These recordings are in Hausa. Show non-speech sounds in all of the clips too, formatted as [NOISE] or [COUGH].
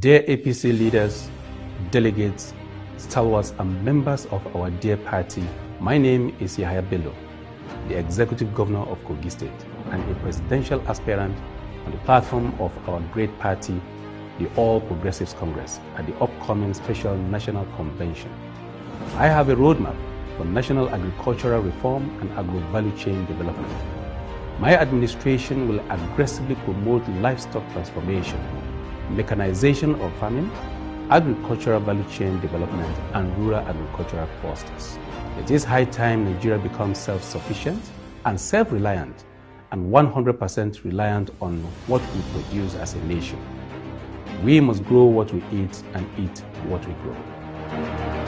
Dear APC leaders, delegates, stalwarts, and members of our dear party, my name is Yahya Bello, the Executive Governor of Kogi State and a presidential aspirant on the platform of our great party, the All Progressives Congress, at the upcoming Special National Convention. I have a roadmap for national agricultural reform and agro-value chain development. My administration will aggressively promote livestock transformation mechanization of farming, agricultural value chain development, and rural agricultural clusters. It is high time Nigeria becomes self-sufficient and self-reliant and 100% reliant on what we produce as a nation. We must grow what we eat and eat what we grow.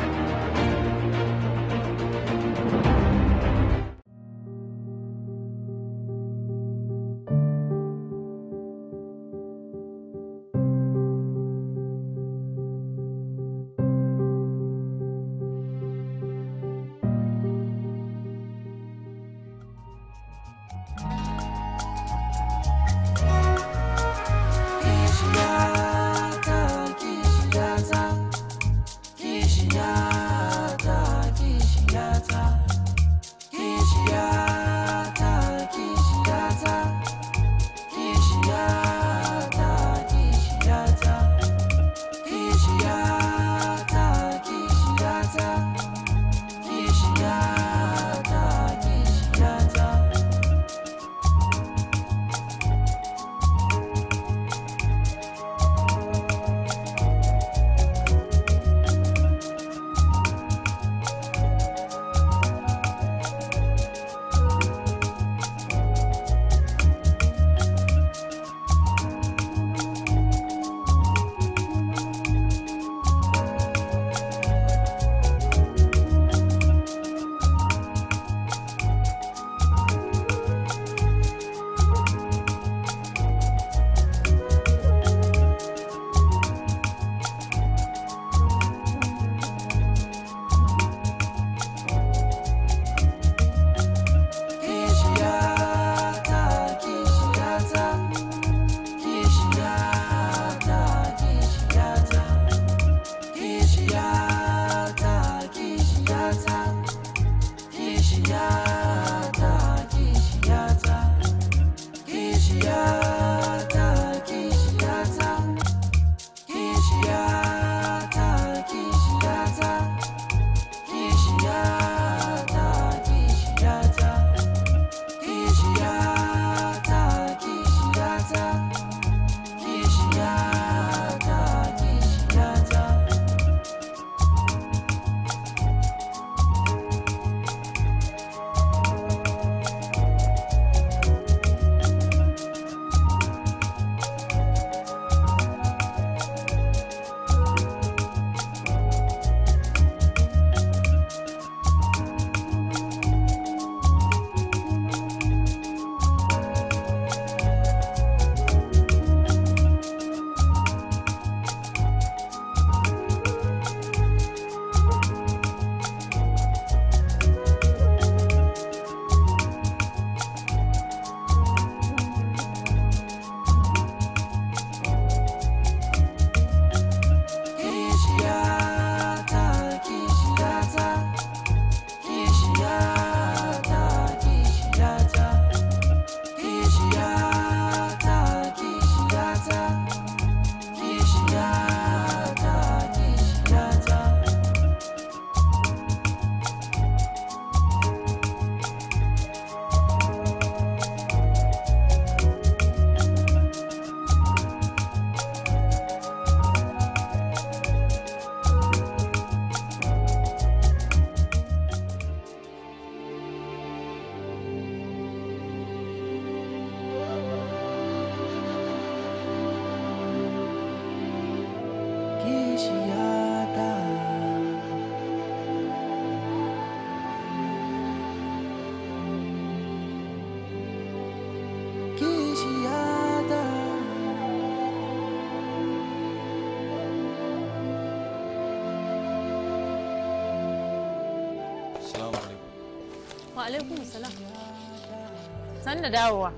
sannu da dawowa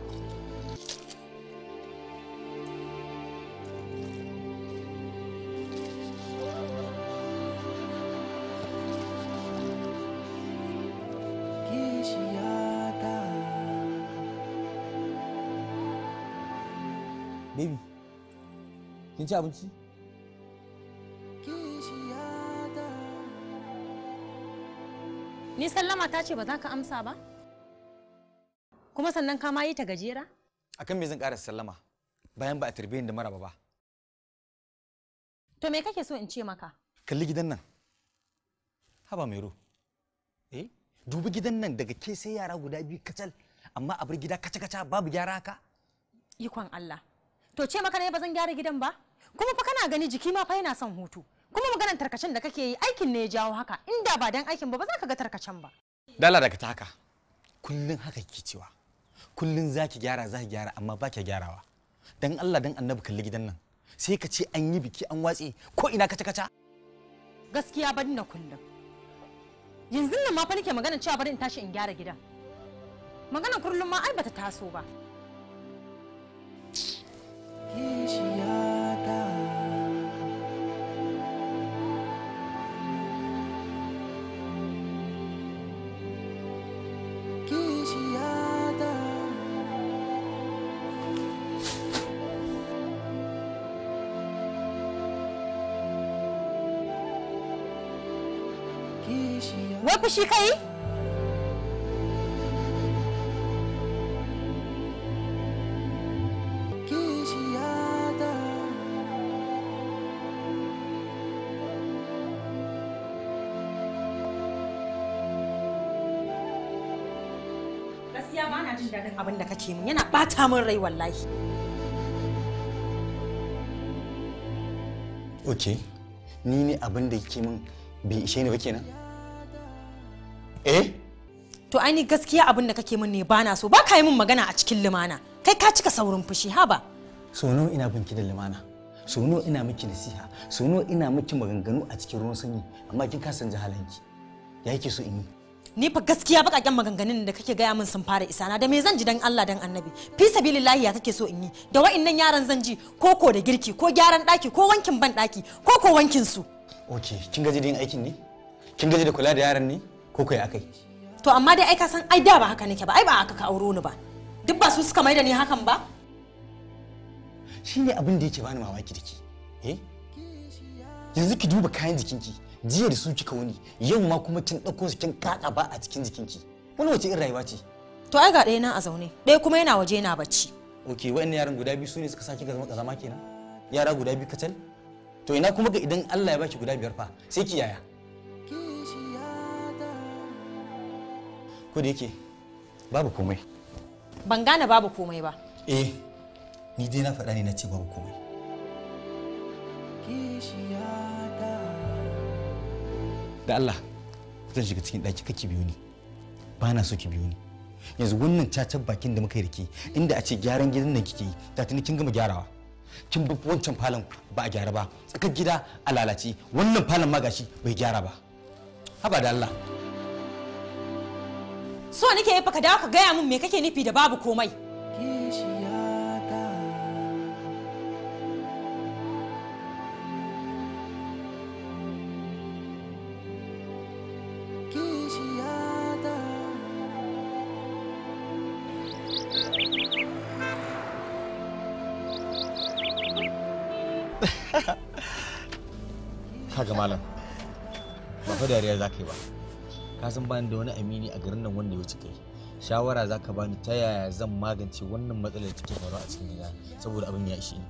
Baby, kin ci abinci? Ni sallama ta ce ba za ka amsa ba? kuma sannan ka ma yi ta gajera akan me zan ƙara sallama bayan ba a tarbe da maraba ba to me kake so in ce maka kalli gidan nan haba mero eh dubi gidan nan daga ke sai yara guda biyu kacal amma a gida kaca-kaca babu gyara haka ikon Allah to ce maka ne ba zan gyara gidan ba kuma fa kana gani jiki ma fa yana son hutu kuma maganar tarkacen da kake yi aikin ne ya jawo haka inda ba dan aikin ba ba za ka ga tarkacen ba dala daga taka kullun haka kike cewa kullun zaki gyara zaki gyara amma ba ki gyarawa dan Allah dan annabi kalli gidan nan sai ka ce an yi biki an watse ko ina kaca kaca gaskiya ban da kullum yanzu nan ma fa nake magana cewa bari in tashi in gyara gidan magana kullum ma ai bata taso ba Kishiya. wai fushi kai gaskiya na jin abin da kake min yana ɓata min rai wallahi. Ok, ni ne abin da yake min bai ishe ni ba kenan? eh to aini gaskiya abin da kake min ne bana so ba ka yi min magana a cikin limana kai ka cika saurin fushi haba so nawa ina binki ki da limana so nawa ina miki nasiha so nawa ina miki maganganu a cikin ruwan sanyi amma kin kasan jahalanki ya yake so in yi ni fa gaskiya bakaken maganganun da kake gaya min sun fara isa na da me zan ji dan Allah dan Annabi fi sabilillahi ya kake so in yi da wa'annan yaran zan ji ko ko da girki ko gyaran daki ko wankin ban daki ko ko wankin su okay kin gaji din aikin ne kin gaji da kula da yaran ne ko kai akai to amma dai ai ka san ai da ba haka nake ba ai ba haka ka auro ni ba duk ba su suka mai da ni hakan ba shine abin da yake bani mamaki dake eh yanzu ki duba kayan jikinki jiya da su kika wani yau ma kuma kin dauko su kin kada ba a cikin jikinki wani wace irin rayuwa ce to ai ga ɗaya na a zaune ɗaya kuma yana waje yana bacci ok wa'annan yaran guda biyu sune suka saki ga zama kazama kenan yara guda biyu kacal to ina kuma ga idan Allah ya baki guda biyar fa sai ki yaya ko da yake babu komai ban gane babu komai ba eh ni dai na faɗa ne na ce babu komai da Allah zan shiga cikin ɗaki kake biyo ni ba na so ki biyo ni yanzu wannan cacar bakin da muka yi rike inda a ce gyaran gidan nan kike yi ta tuni kin gama gyarawa kin bi wancan falon ba a gyara ba tsakar gida a lalace wannan falon ma gashi bai gyara ba haba da Allah so nake yi ka dawo ka gaya min me kake nufi da babu komai kaga malam ba fa dariya za ka ba ka san bani da wani amini a garin nan wanda ya wuce kai shawara za ka bani ta yaya zan magance wannan matsalar cikin take a cikin gida saboda abin ya ishe ni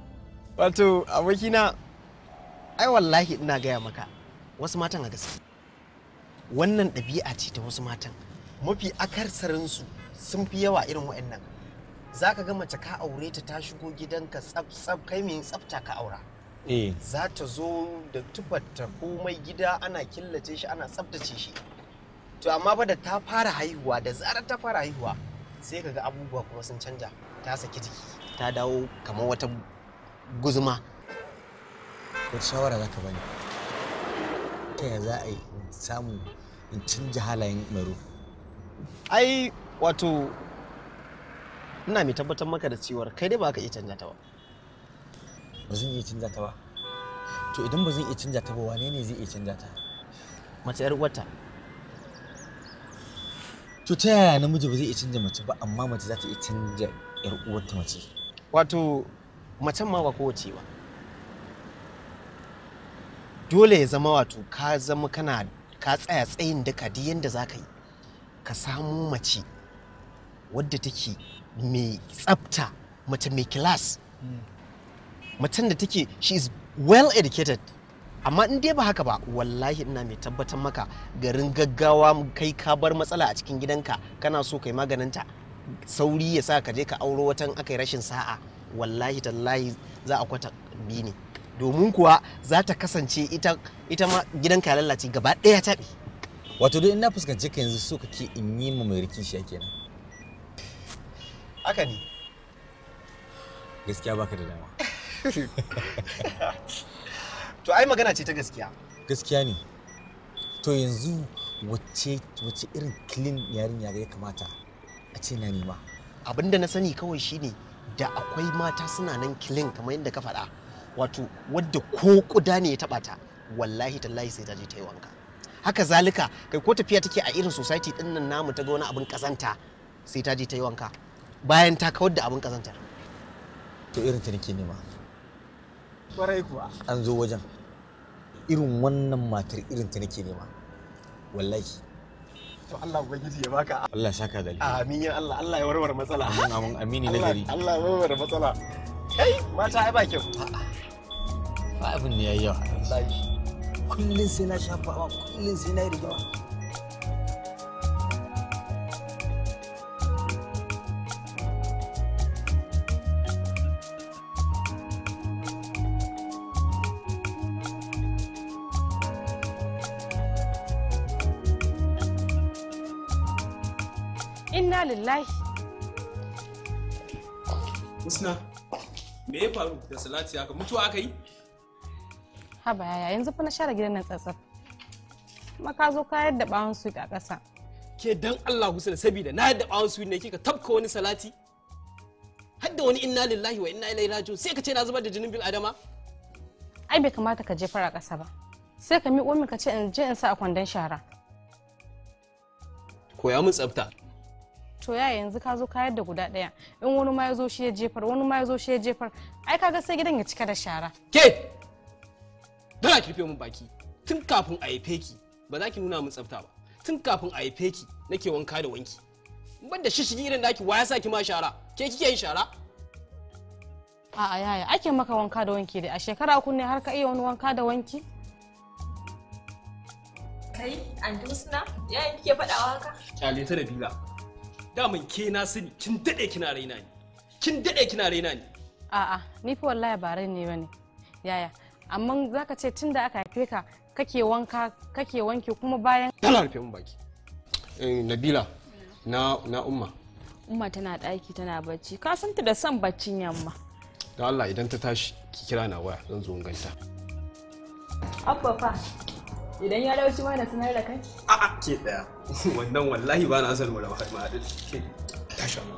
wato abokina ai wallahi ina gaya maka wasu matan a gaske wannan ɗabi'a ce ta wasu matan mafi su sun fi yawa irin wa'annan za ka ga mace ka aure ta ta shigo gidanka tsaf kai mai tsafta ka aura eh. za ta zo da ta komai gida ana killace shi ana tsaftace shi to amma fa da ta fara haihuwa da zarar ta fara haihuwa sai kaga abubuwa kuma sun canja ta saki jiki ta dawo kamar wata guzuma wata shawara za ka bani ta ya za a yi samu in canja halayen maro ai wato ina mai tabbatar maka da cewar kai dai ba ka iya canja ta ba ba zan iya canja ta ba to idan ba zan iya canja ta ba wane ne zai iya canja ta mace yar wata to ta yaya namiji ba zai iya canja mace ba amma mace za ta iya canja yar uwarta mace wato macen ma ba kowace ba dole ya zama wato ka zama kana ka tsaya tsayin duka duk yanda za ka yi ka samu mace wadda take mai tsafta mace mai kilas hmm. mace da take she is well educated amma in dai ba haka ba wallahi ina mai tabbatar maka garin gaggawa kai ka bar matsala a cikin gidanka kana so kai maganinta sauri ya sa ka je ka auro watan akai rashin sa'a wallahi tallahi za a kwata bi ne domin kuwa za ta kasance ita ita ma gidanka lalace gaba ɗaya ta wato duk ina fuskanci ka yanzu so kake in yi mu mai shi kenan haka ne gaskiya baka da dama [LAUGHS] to ai magana ce ta gaskiya gaskiya ne to yanzu wacce wacce irin clean yarinya ya kamata a ce na nema abinda na sani kawai shine da akwai mata suna nan clean kamar yadda ka faɗa wato wadda ko kuda ne ya taɓa ta wallahi tallahi sai ta je ta yi wanka haka zalika kai ko tafiya take a irin society din nan namu ta ga wani abin kazanta sai ta je ta yi wanka bayan ta kawar da abin kazantar to irin ta nake nema kwarai kuwa an zo wajen irin wannan matar irin ta nake nema wallahi to Allah ubangiji ya baka Allah shaka da amin ya Allah Allah ya warware matsala amin amin amini na gari Allah ya warware matsala kai mata ai ba kyau ba abin ne yayi wallahi kullun sai na shafa kullun sai na rigawa Husna, me ya faru da Salati haka? Mutuwa aka yi? Haba yaya yanzu fa na share gidan nan tsatsaf. Kuma ka zo ka yadda bawon su a ƙasa. Ke dan Allah Husna saboda na yadda bawon su ne kika tabka wani salati? Har da wani inna lillahi wa inna ilaihi raji'un sai ka ce na zubar da jinin bil adama? Ai bai kamata ka jefar a ƙasa ba. Sai ka miƙo min ka ce in je in sa a kwandon shara. Koya min tsafta. to ya yanzu ka zo kayar da guda ɗaya in wani ma ya zo shi ya jefar wani ma ya zo shi ya jefar ai kaga sai gidan ya cika da shara ke dana kirfe rufe mun baki tun kafin a haife ki ba za ki nuna min tsafta ba tun kafin a haife ki nake wanka da wanki ban da shishigi irin daki waya sa ki ma shara ke kike yin shara a'a yaya ake maka wanka da wanki dai a shekara kun ne har ka iya wani wanka da wanki kai andusna yayin kike fadawa haka kyale ta da bila daman ke na sani kin dade kina raina ne kin dade kina raina ne. a'a ni fa wallahi ba ne bane yaya amma zaka ce tunda aka haife ka kake wanka kake wanke kuma bayan kana rufe mun baki eh, nabila na na umma umma tana daki tana bacci ka san ta da son baccin yamma da Allah idan ta tashi ki kira na waya zan zo in ganta abba fa Idan ya dauki mana sanar da kai? A'a ke daya. [LAUGHS] Wannan wallahi ba na san wani ma din. Ke tashi mu.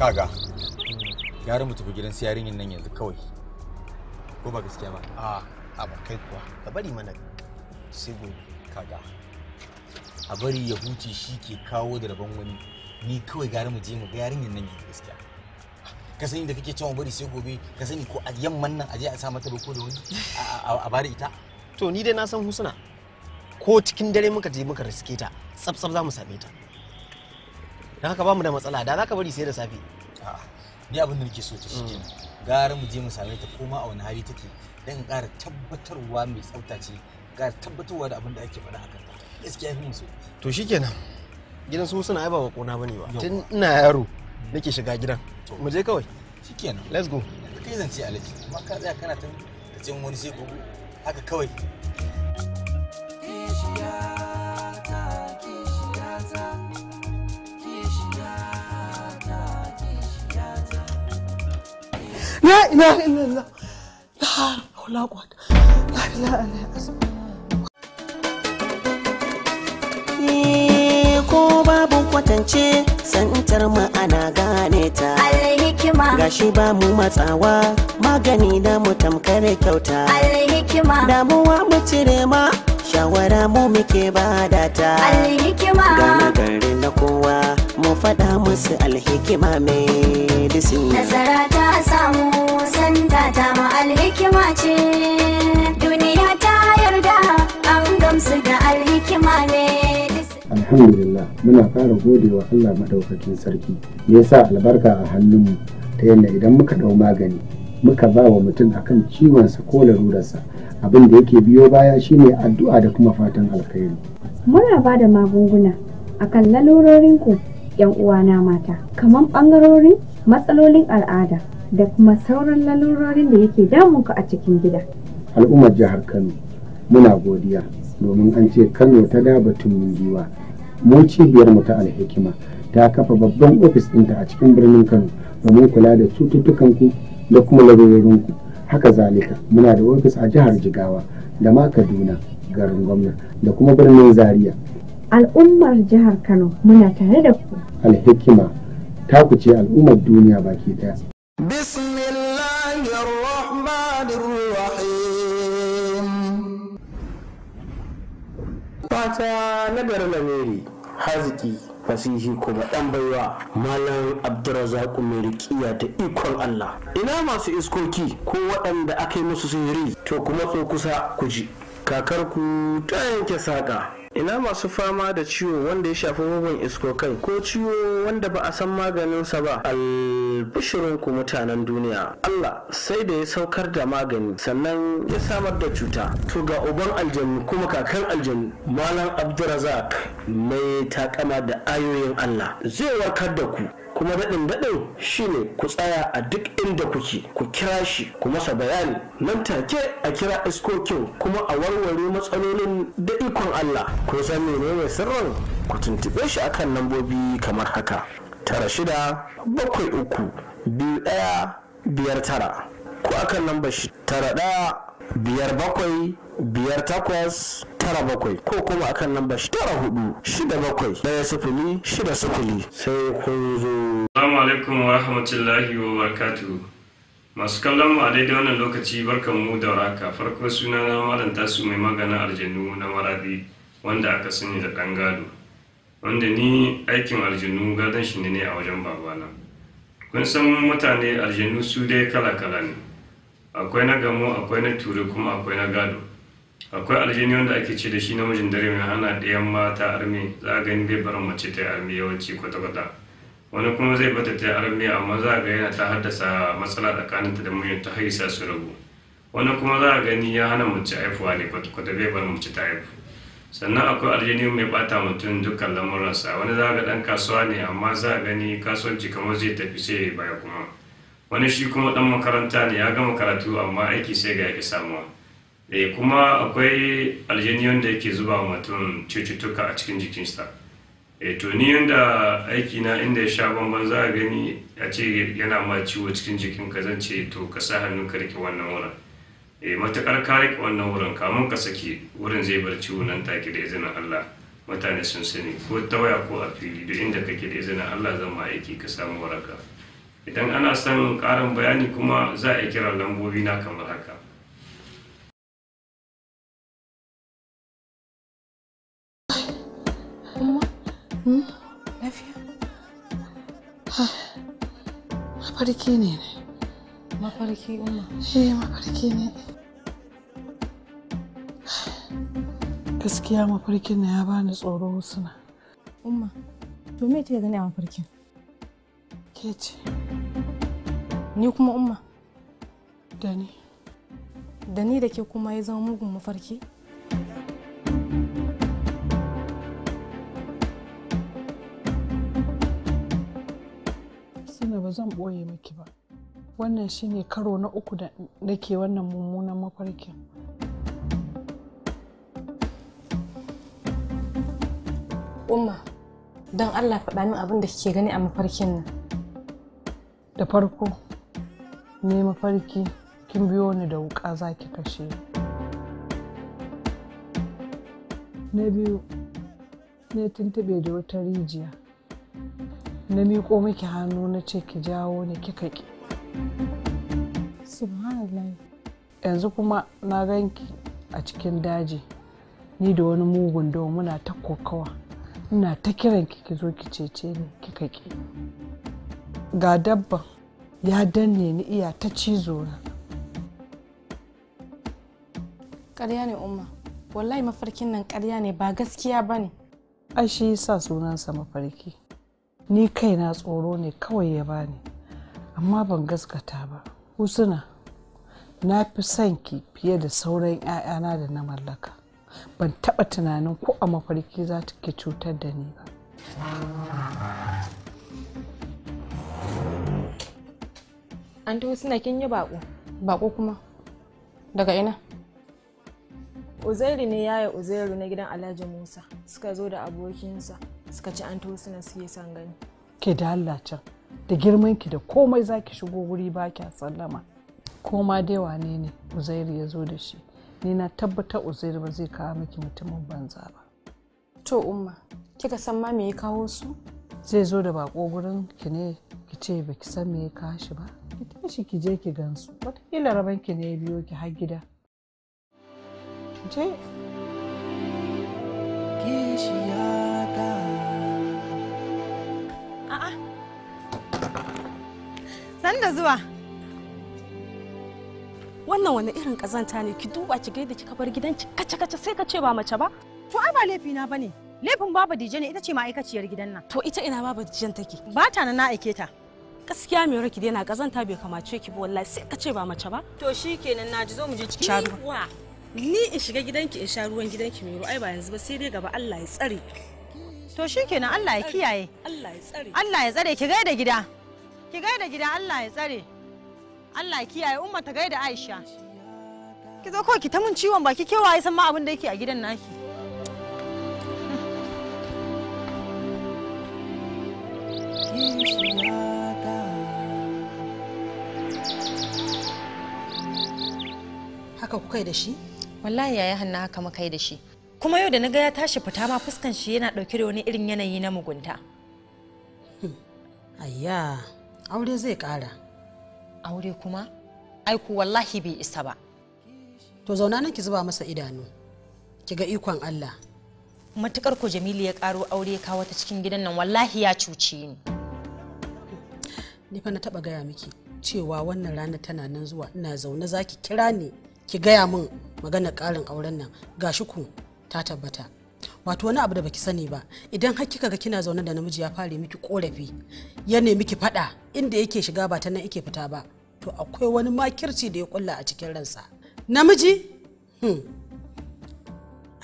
Kaga, gara mu tafi gidan siyarin nan yanzu kawai. Ko ba gaskiya ba? A'a, a ba kai kuwa. Ka bari mana sai kaga a bari ya huce shi ke kawo da rabon wani ni kawai gari mu je mu ga yarinyar nan yake gaskiya ka sani da kake cewa bari sai gobe ka sani ko a yamman nan aje a sa mata roko da wani a bari ita to ni dai na san husna ko cikin dare muka je muka riske ta tsabtsab za mu same ta dan haka ba mu da matsala da za ka bari sai da safe ni abin da nake so ta shi gara mu je mu same ta ko ma a wani hali take dan ƙara tabbatarwa mai tsafta ce ga tabbatarwa da abin da ake faɗa a kanta gaskiya fi musu to shikenan gidan su suna ba kona bane ba tun ina yaro nake shiga gidan mu je kawai shikenan let's go kai zance alaji amma ka tsaya kana tun ka cin wani sai gugu haka kawai لا لا لا لا لا لا لا لا لا لا لا لا kwatance santar ma'ana gane ta alhikima gashi ba mu matsawa magani na mu tamkar kyauta alhikima damuwa mu cire ma shawara mu muke bada ta alhikima gane gari na kowa mu faɗa musu alhikima medicine nasara ta samu santa ta mu alhikima ce duniya ta yarda an gamsu da alhikima ne alhamdulillah muna fara godewa Allah madaukakin sarki me yasa albarka a hannunmu ta yadda idan muka dau magani muka ba wa mutum akan sa ko larurarsa abin da yake biyo baya shine addu'a da kuma fatan alkhairi muna ba da magunguna akan lalurorinku yan uwana mata kamar bangarorin matsalolin al'ada da kuma sauran lalurorin da yake ku a cikin gida al'ummar jihar kano muna godiya domin an ce kano ta da batun giwa mu cibiyar mu ta alhikima ta kafa babban ofis ɗinta a cikin birnin kano domin kula da cututtukanku da kuma ku haka zalika muna da ofis a jihar jigawa da ma kaduna garin gwamna da kuma birnin zaria al'ummar jihar kano muna tare da ku alhikima ta ku ce al'ummar duniya baki daya fata na gari lamiri haziki fasihi kuma dan baiwa malam abdurrazak mai rikiya ta ikon allah ina masu iskoki ko waɗanda aka yi musu sihiri to kuma tso kusa ku ji kakarku ta yanke saƙa ina masu fama da ciwo wanda ya shafi bugun iskokai ko ciwo wanda ba a san maganinsa ba albishirinku mutanen duniya Allah sai da ya saukar da magani sannan ya samar da cuta to ga uban aljanu kuma kakan aljannu malam abdurazak mai takama da ayoyin Allah zai warkar da ku kuma daɗin daɗin shine ku tsaya a duk inda kuke ku kira shi ku masa bayani nan take a kira iskokin kuma a warware matsalolin da ikon Allah ko san menene sirrin ku tuntube shi akan lambobi kamar haka tara shida bakwai uku biyu ɗaya biyar tara ko akan lambar shi tara ɗaya biyar bakwai biyar takwas tara bakwai ko kuma akan lambar tara hudu shida bakwai daya sifili shida sifili sai kun zo. Assalamu alaikum wa rahmatullahi wa barakatuhu. Masu kallon mu a daidai wannan lokaci barkan mu da raka farko suna na malam tasu mai magana aljanu na maradi wanda aka sani da ɗan gado wanda ni aikin aljanu gadon shi ne a wajen babana. Kun san mutane aljanu su dai kala kala ne akwai na gamo akwai na ture kuma akwai na gado. akwai aljini wanda ake ce da shi namijin dare mai hana ɗayan mata armi za a gani bai barin mace ta yi armi yawanci kwata-kwata wani kuma zai bata ta yi armi amma za a ga yana ta haddasa matsala tsakaninta da mijin ta haisa su rabu wani kuma za a gani ya hana mace haifuwa ne kwata-kwata bai barin mace ta haifu sannan akwai aljini mai bata mutum dukkan lamuransa wani za a ga ɗan kasuwa ne amma za a gani kasuwanci kamar zai tafi sai baya kuma wani shi kuma ɗan makaranta ne ya gama karatu amma aiki sai ga ya samuwa e kuma akwai aljini wanda yake zuba mutum cututtuka a cikin jikinsa e to ni yanda aiki na inda ya sha bamban za a gani a ce yana ma ciwo cikin jikin ka zan ce to ka sa hannu ka rike wannan wurin e eh, matakar ka rike wannan wurin kamun ka saki wurin zai bar ciwo nan take da izinin Allah mutane sun sani ko ta waya ko a fili duk inda kake da izinin Allah zan ma aiki ka samu waraka idan ana son karin bayani kuma za a kira lambobi na kamar haka Lafiya? Hmm? Mafarki ne ne. Mafarki umma. Eh mafarki ne. Gaskiya mafarkin na ya bani tsoro suna. Umma, to me kika gani a mafarkin? Ke ce. Ni kuma umma. Da ni. Da ni da ke kuma ya zama mugun mafarki? Amina ba zan ɓoye miki ba. Wannan shine karo na uku da nake wannan mummunan mafarkin. Umma, don Allah faɗa min abin da kike gani a mafarkin nan. Da farko, ne mafarki kin biyo ni da wuƙa za ki kashe. Na biyu, ne tuntube da wata rijiya. na miƙo miki hannu na ce ki jawo ni kika ki yanzu kuma na ganki a cikin daji ni da wani mugun da muna ta kokawa ina ta kiran ki ki zo ki cece ni kika ki ga dabban ya danne ni iya ta cizo na ƙarya ne umma wallahi mafarkin nan ƙarya ne ba gaskiya ba ne ai shi yasa sunansa mafarki ni kaina tsoro ne kawai ya bani amma ban gaskata ba husuna na fi son ki fiye da sauran 'ya'yana da na mallaka ban taba tunanin ko a mafarki za ta ke cutar da ni ba an ta suna kin yi bako bako kuma daga ina uzairu ne ya yi uzairu na gidan alhaji musa suka zo da abokinsa suka ci an tosu na suke son gani ke da Allah can da girman ki da komai za ki shigo wuri ba kya sallama koma dai wane ne uzairu ya zo da shi ni na tabbatar uzairu ba zai kawo miki mutumin banza ba to umma kika san ma me ya kawo su zai zo da bako gurin ki ne ki ce ba ki san me ya kawo shi ba ki tashi ki je ki gansu wataƙila raban ki ne ya biyo ki har gida je kishiya San da zuwa. Wannan wani irin kazanta ne ki duba ki gaida kika bar gidan kace kace sai ka ce ba mace ba. To ai ba laifi na bane. Laifin baba Dije ne ita ce ma'aikaciyar gidan nan. To ita ina baba Dijen take? Ba ta na na aike ta. Gaskiya me raki na kazanta bai kamace ki ba wallahi sai ka ce ba mace ba. To shikenan naji zo mu je cikin ruwa. Ni in shiga gidanki in sha ruwan gidanki mai ai ba yanzu ba sai dai gaba Allah ya tsare. To shikenan Allah ya kiyaye. Allah ya tsare. Allah ya tsare ki gaida gida. ki gaida gida Allah ya tsare Allah ya kiyaye umma ta gaida Aisha ki zo kawai ki ta mun ciwon baki ke waye san ma abin da yake a gidan naki haka ku kai da shi wallahi yaya hanna haka mu kai da shi kuma yau da na ga ya tashi fita ma fuskan shi yana dauke da wani irin yanayi na mugunta hmm. ayya aure zai ƙara aure kuma aiku wallahi bai isa ba to zauna nan ki zuba masa idanu ki ga ikon Allah matukar ko Jamilu ya ƙaro aure ya kawo ta cikin gidan nan wallahi ya cuce ni Nifa na taba gaya miki cewa wannan rana tana nan zuwa ina zaune zaki kira ni ki gaya min maganar ƙarin auren nan gashi ku ta tabbata wato wani abu da baki sani ba idan har kika ga kina zaune da namiji ya fare miki korafi ya nemi ki fada inda yake shiga ba ta nan yake fita ba to akwai wani makirci da ya kulla a cikin ransa namiji hmm.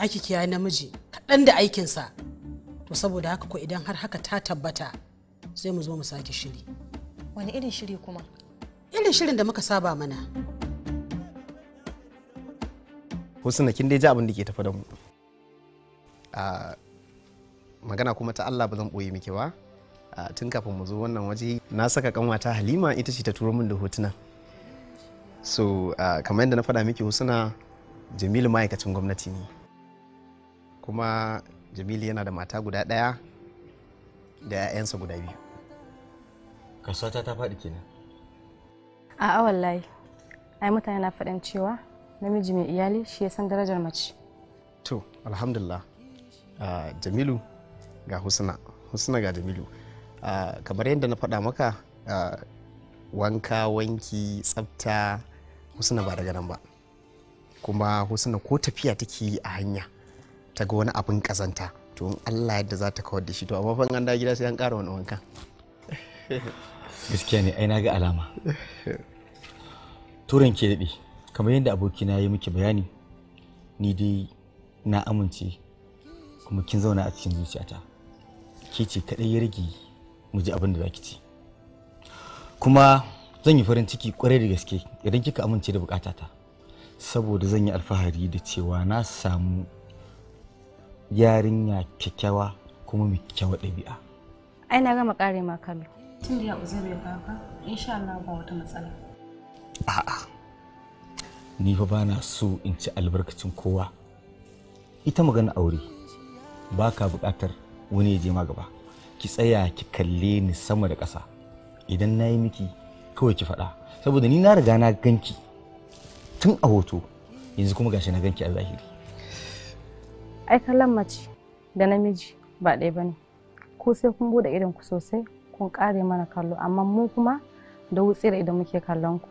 aiki kiyaye namiji kaɗan da aikinsa to saboda haka ko idan har haka ta tabbata sai mu zo mu sake shiri wani irin shiri kuma irin shirin da muka saba mana husna kin dai ji abin da ke tafi da mu magana kuma ta Allah ba zan ɓoye miki ba tun kafin mu zo wannan waje na saka kanwata halima ita ce ta turo min da hotuna so kamar yadda na faɗa miki husuna jamilu ma'aikacin gwamnati ne kuma jamilu yana da mata guda ɗaya da 'ya'yansa guda biyu kasuwata ta faɗi kenan a'a wallahi ai mutane na faɗin cewa namiji mai iyali shi ya san darajar mace to alhamdulillah Ah, jamilu ga husna husna ga jamilu ah, kamar yadda na faɗa maka ah, wanka wanki tsafta husna ba daga nan ba kuma husna ko tafiya take yi a hanya ta ga wani abin kazanta to in allah yadda za ta kawar da shi to amma fa an da gida sai an ƙara wani wanka [LAUGHS] gaskiya ne ai na ga alama turan ke daɗe kamar yadda abokina ya yi miki bayani ni dai na amince kuma kin zauna a cikin zuciyata ke ce kaɗai ya rage mu ji abin da za ki ci kuma zan yi farin ciki kwarai da gaske idan kika amince da bukatata saboda zan yi alfahari da cewa na samu yarinya kyakkyawa kuma mai kyakkyawar ɗabi'a ai na gama kare ma kallo tun da ya uzuri baka insha Allah ba wata matsala a'a ni fa bana so in ci albarkacin kowa ita magana aure ba ka buƙatar wani ya je ma gaba ki tsaya ki kalle ni sama da ƙasa idan na yi miki kawai ki faɗa saboda ni na riga na ganki tun a hoto yanzu kuma gashi na ganki a zahiri ai kallon mace da namiji ba ɗaya bane ko sai kun bude irin ku sosai kun kare mana kallo amma mu kuma da wutsira idan muke kallon ku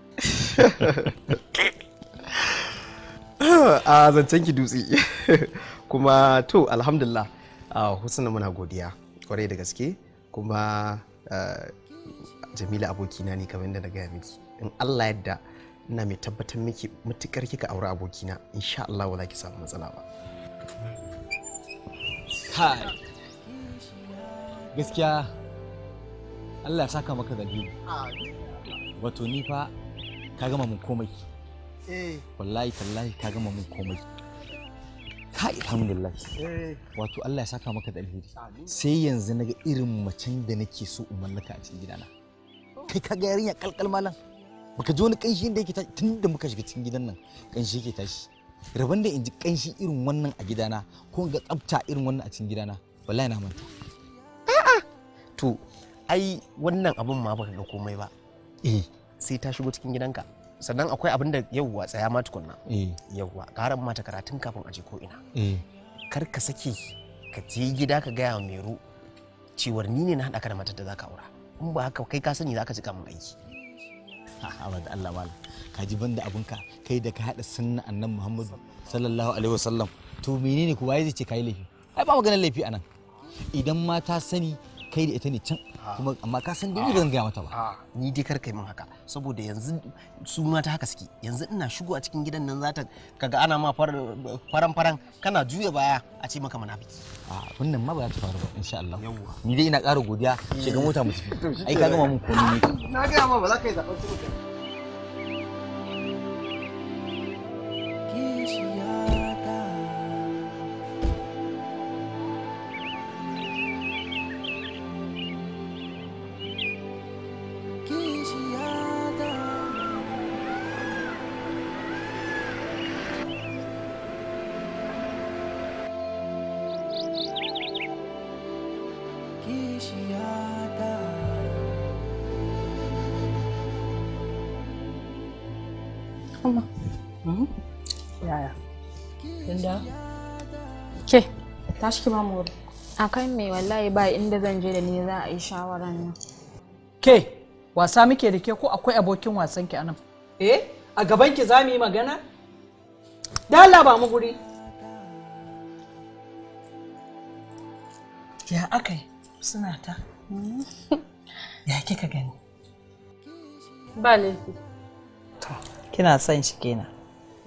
[LAUGHS] a zancen ki dutse [LAUGHS] kuma to alhamdulillah husna muna godiya kwarai da gaske kuma jamila abokina ne kamar yadda na gaya miki in allah yadda ina mai tabbatar miki matukar kika aure abokina insha Allah ba ki samu matsala ba gaskiya Allah ya saka maka da wato ni fa ka gama mun komai Eh. wallahi tallahi ka gama mun komai kai alhamdulillah eh. wato Allah ya saka maka da alheri sai yanzu naga irin macen da nake so in mallaka a cikin gidana kai ka ga yarinya kalkal malam baka ji wani kanshi da yake tashi tunda muka shiga cikin gidan nan kanshi yake tashi rabon da in ji kanshi irin wannan a gidana ko ga tsafta irin wannan a cikin gidana wallahi na manta a'a to ai wannan abun ma baka ga komai ba eh sai ta shigo cikin gidanka sannan akwai abin da yauwa tsaya ma tukunna eh. yauwa ƙara mata karatun kafin aje ko ina eh. kar ka sake ka je gida ka gaya wa meru cewar ni ne na haɗa ka da matar da za ka aura in ba haka kai ka sani za ka ji kamun aiki abada Allah malam ka ji banda ka kai da ka haɗa sunna annan Muhammadu sallallahu alaihi wasallam to menene ku waye zai ce kai laifi ai ba maganar laifi anan idan ma ta sani kai da ita ne can ah. kuma amma ka san dai ah. zan gaya mata ba ah. ni dai kar kai min haka saboda yanzu su mata haka suke yanzu ina shigo a cikin gidan nan zata kaga ana ma faran faran kana juya baya a ce maka munafiki a wannan ma ba za ta faru ba insha Allah ni dai ina ƙara godiya shiga mota mu [LAUGHS] ai ka gama mun komai ne na ga ma ba za ka yi zaben ya ke tashi ki ba mu A kai me wallahi ba inda zan je da ni za a yi shawaran nan ke wasa muke da ke ko akwai abokin wasan ki anan eh a gaban ki za mu yi magana dala ba mu guri ya akai suna ta [LAUGHS] ya kika gani ba laifi kina son shi kenan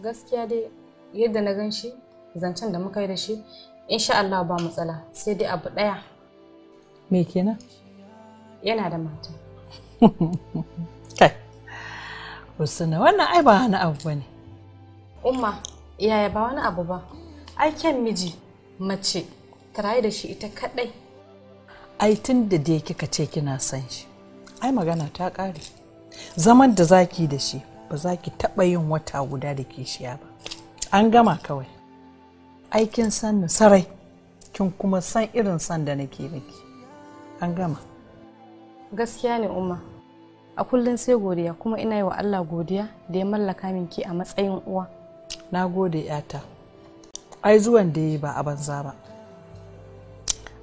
gaskiya dai yadda na gan shi zancen da muka yi da shi insha Allah ba matsala sai dai abu ɗaya me kenan yana da mata [LAUGHS] kai Usuna wannan ai ba wani abu bane umma yaya ba wani abu ba ai miji mace ta rayu da shi ita kadai ai tun da dai kika ce kina san shi ai magana ta ƙare. zaman da zaki da shi ba za ki taɓa yin wata guda da kishiya ba an gama kawai aikin san sarai kin kuma san irin san da nake miki an gama gaskiya ne umma a kullum sai godiya kuma ina yi wa Allah godiya da ya mallaka min ki a matsayin uwa na gode yata ai zuwan da yi ba a banza ba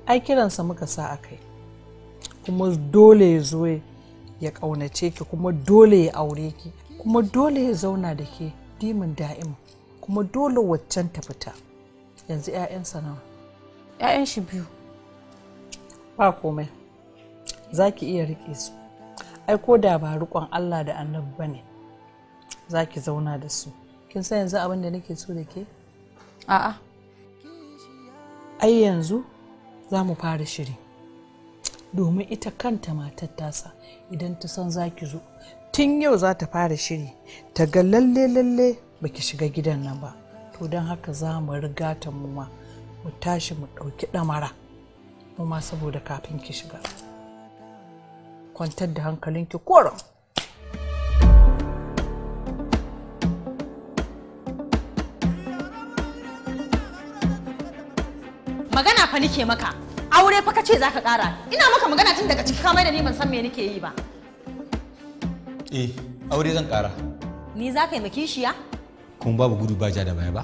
ai kiransa muka sa a kai kuma dole ya zo ya ƙaunace ki kuma dole ya aure ki kuma dole ya zauna da ke dimin da'im kuma dole waccan ta fita yanzu 'ya'yansa nawa 'ya'yan shi biyu ba komai za ki iya riƙe su ai ko da ba riƙon allah da annabi ba ne za ki zauna da su kin san yanzu abin da nake so da ke a'a ai yanzu za mu fara shiri domin ita kanta matar tasa idan ta san za ki zo tun yau za ta fara shiri ta ga lalle lalle baki shiga gidan nan ba to don haka za mu riga ta mu ma mu tashi mu ɗauki ɗamara mu ma saboda kafin ki shiga kwantar da hankalinki koran magana fa nike maka aure fa kace zaka kara ina maka magana tun daga ciki kamar da ni ban san me nike yi ba eh aure zan kara ni zaka yi makishiya kun babu gudu ba ja da baya ba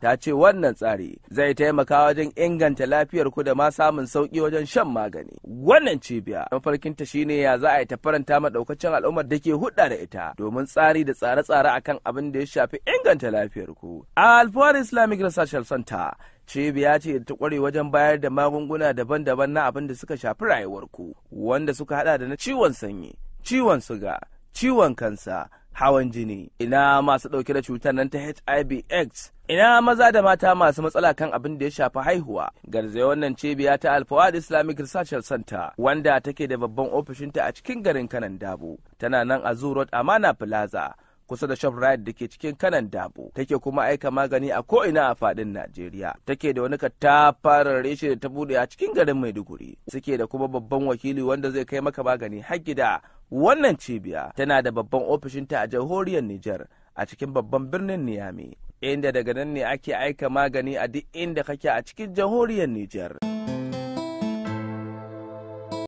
ta ce wannan tsari zai taimaka wajen inganta lafiyar ku da ma samun sauki wajen shan magani wannan cibiya mafarkin ta shine ya za a yi ta faranta ma daukacin al'ummar da ke hudda da ita domin tsari da tsare-tsare akan abin da ya shafi inganta lafiyar ku alfawar islamic research center cibiya ce ta kware wajen bayar da magunguna daban-daban na abin da suka shafi rayuwar ku wanda suka hada da na ciwon sanyi ciwon suga ciwon kansa hawan jini ina masu ɗauke da cutar nan ta hiv aids ina maza da mata masu matsala kan abin da ya shafi haihuwa garzaya wannan cibiya ta alfawad islamic research center wanda take da babban ofishinta a cikin garin kanan dabo tana nan a zoo road amana plaza kusa da shoprite da ke cikin kanan dabo take kuma aika magani a ko'ina a fadin najeriya take da wani katafarar reshe da ta bude a cikin garin maiduguri suke da kuma babban wakili wanda zai kai maka magani har gida Wannan cibiya tana da babban ofishinta a jamhuriyar Nijar a cikin babban birnin Niamey, inda daga nan ne ake aika magani a duk inda kake a cikin jamhuriyar Nijar.